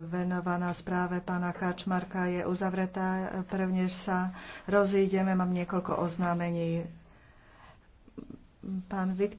venovaná správe pána Kačmarka je uzavretá. Prvne sa rozídeme, mám niekoľko oznámení. Pán Viktor